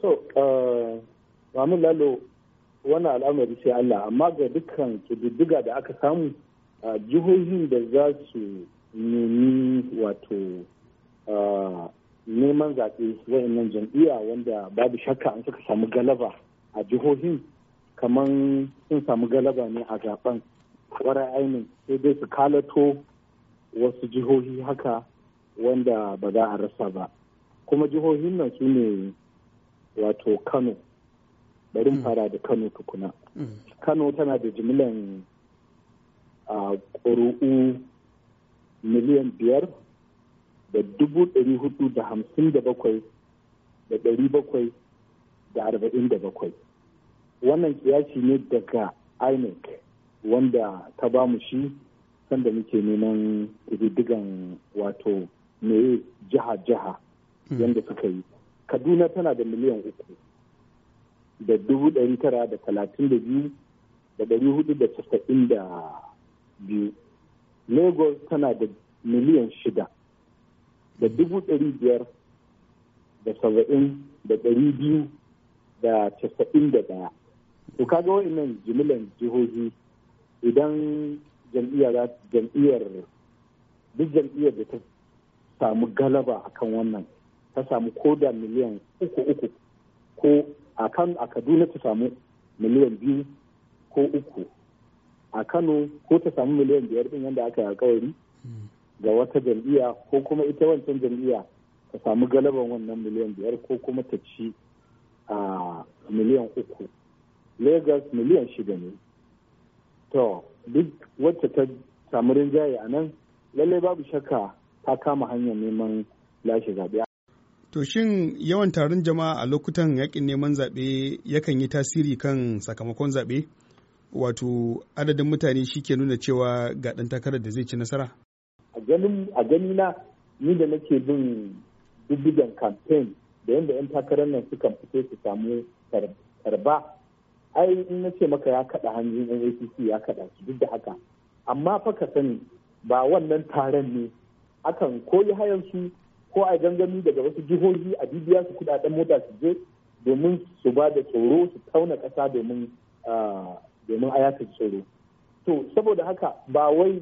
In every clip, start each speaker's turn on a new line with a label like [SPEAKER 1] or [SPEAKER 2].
[SPEAKER 1] So, uh, Mamun Lalo, wannan al'amari sai Allah, amma ga dukkan kididdiga da aka samu a uh, jihohin da za su nemi wato uh, neman zaɓe wa'annan jam'iyya wanda babu shakka an suka samu galaba a jihohin kamar sun samu galaba ne a zaben kwarar ainihin sai dai su kalato wasu jihohi haka wanda ba za a rasa ba kuma jihohin nan su ne wato kano bari mm. fara da kano tukuna mm. kano tana da a ƙuri'u miliyan biyar da dubu ɗari hudu da hamsin da bakwai da ɗari bakwai da arba'in da bakwai wannan kiyashi ne daga inec wanda ta ba mu shi sanda muke neman ƙididdigan wato meye jiha-jiha mm. yadda suka yi kaduna tana da miliyan uku da dubu ɗari tara da talatin da biyu da ɗari hudu da casa'in da biyu lagos tana da miliyan shida da dubu ɗari biyar da saba'in da ɗari biyu da casa'in da ɗaya to kaga wa'annan jimilan jihohi idan jam'iyyar duk jam'iyyar da ta samu galaba akan wannan ta samu ko da miliyan uku uku ko a kan a kaduna ta samu miliyan biyu ko uku a kano ko ta samu miliyan biyar din yadda aka yi alkawari ga wata jam'iyya ko kuma ita wancan jam'iyya ta samu galaban wannan miliyan biyar ko kuma ta ci a miliyan uku lagos miliyan shida ne to duk wacce ta samu rinjaye a nan lallai babu shakka ta kama hanyar neman lashe zaɓe
[SPEAKER 2] To shin yawan taron jama'a a lokutan yakin neman zaɓe yakan yi tasiri kan sakamakon zaɓe? Wato adadin mutane shi ke nuna cewa ga ɗan takarar da zai ci nasara?
[SPEAKER 1] A gani na ni da nake bin dubbidan kamfen da yadda 'yan takarar nan sukan fito su samu karba ai in na ce maka ya kaɗa hanjin NACC ya kaɗa su duk da haka amma fa ka sani ba wannan taron ne akan koyi hayan su ko a gangami daga wasu jihohi a bibiya su kudaden mota su je domin su ba da tsoro su tauna ƙasa domin domin a tsoro to saboda haka ba wai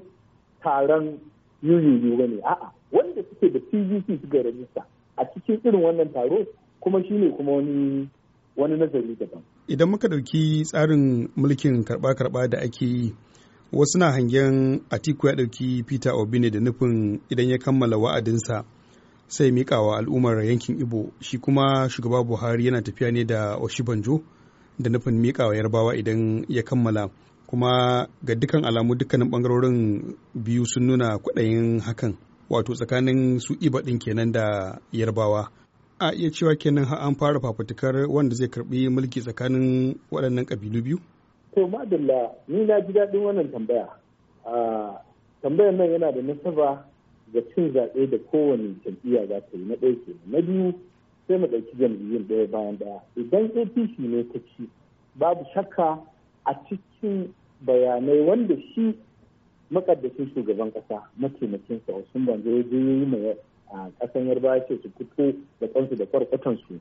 [SPEAKER 1] taron yuyuyu ba ne a'a wanda suke da su suka rajista a cikin irin wannan taro kuma shine kuma wani wani nazari daban
[SPEAKER 2] idan muka ɗauki tsarin mulkin karɓa-karɓa da ake yi wasu na hangen atiku ya ɗauki peter obi ne da nufin idan ya kammala wa'adinsa sai miƙa wa al'ummar yankin ibo shi kuma shugaba buhari yana tafiya ne da oshibanjo da nufin miƙa wa yarbawa idan ya kammala kuma ga dukkan alamu dukkanin bangarorin biyu sun nuna kwaɗayin hakan wato tsakanin su iba ɗin kenan da yarbawa a iya cewa kenan har an fara fafutukar wanda zai karɓi mulki tsakanin waɗannan ƙabilu biyu
[SPEAKER 1] to madalla ni na ji daɗin wannan tambaya ah, tambayar nan yana da nasaba ga cin zaɓe da kowane jam'iyya za ta yi na ɗaya na biyu sai mu ɗauki jam'iyyun ɗaya bayan ɗaya idan apc ne ta ci babu shakka a cikin bayanai wanda shi makaddashin shugaban ƙasa mataimakinsa wasu banza ya je yi ma a ƙasan ya ce su fito da kansu da kwarkwatansu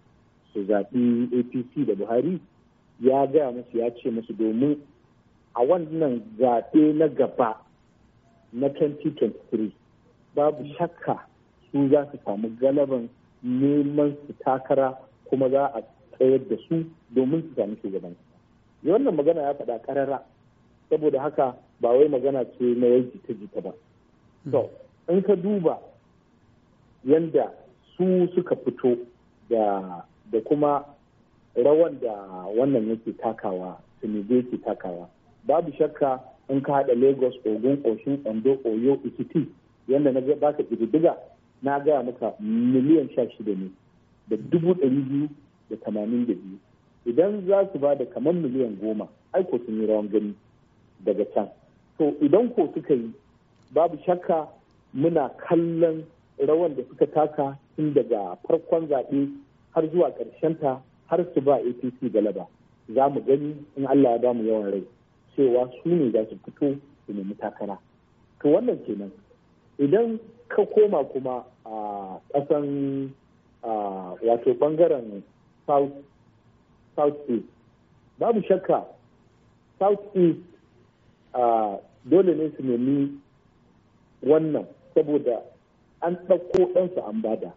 [SPEAKER 1] su zaɓi apc da buhari ya gaya musu ya ce musu domin a wannan zaɓe na gaba na 2023 babu shakka su za su samu galaban neman su takara kuma za a tsayar da su domin su sami shugaban kasa wannan magana ya faɗa ƙarara saboda haka ba wai magana ce na yau jita jita ba so in ka duba yadda su suka fito da kuma rawan da wannan yake takawa tunubu yake takawa babu shakka in ka haɗa lagos ogun osun ondo oyo ikiti yadda na ba baka ƙididdiga na gaya maka miliyan sha shida ne da dubu ɗari biyu da tamanin da biyu idan za su ba da kamar miliyan goma aiko sun yi rawan gani daga can to idan ko suka yi babu shakka muna kallon rawan da suka taka tun daga farkon zaɓe har zuwa ta har su ba apc galaba za mu gani in allah ya ba mu yawan rai cewa su ne za su fito su nemi takara to wannan kenan idan ka koma kuma a ƙasan wato ɓangaren south east babu shakka south east dole ne su nemi wannan saboda an ɗauko ɗansu an bada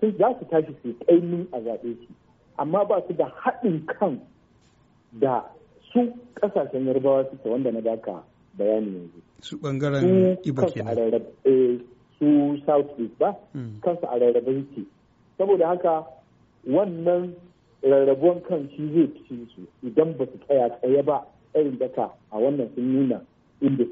[SPEAKER 1] sun za su tashi su ƙaimin a zaɓe su amma ba su da haɗin kan da su ƙasashen yarbawa suke wanda na daka bayani yanzu
[SPEAKER 2] su bangaren ibo
[SPEAKER 1] eh, su south east ba mm. kansu a rarrabe ce saboda haka wannan rarrabuwan kan shi zai fi su idan ba su tsaya tsaye ba irin daka a wannan sun nuna inda su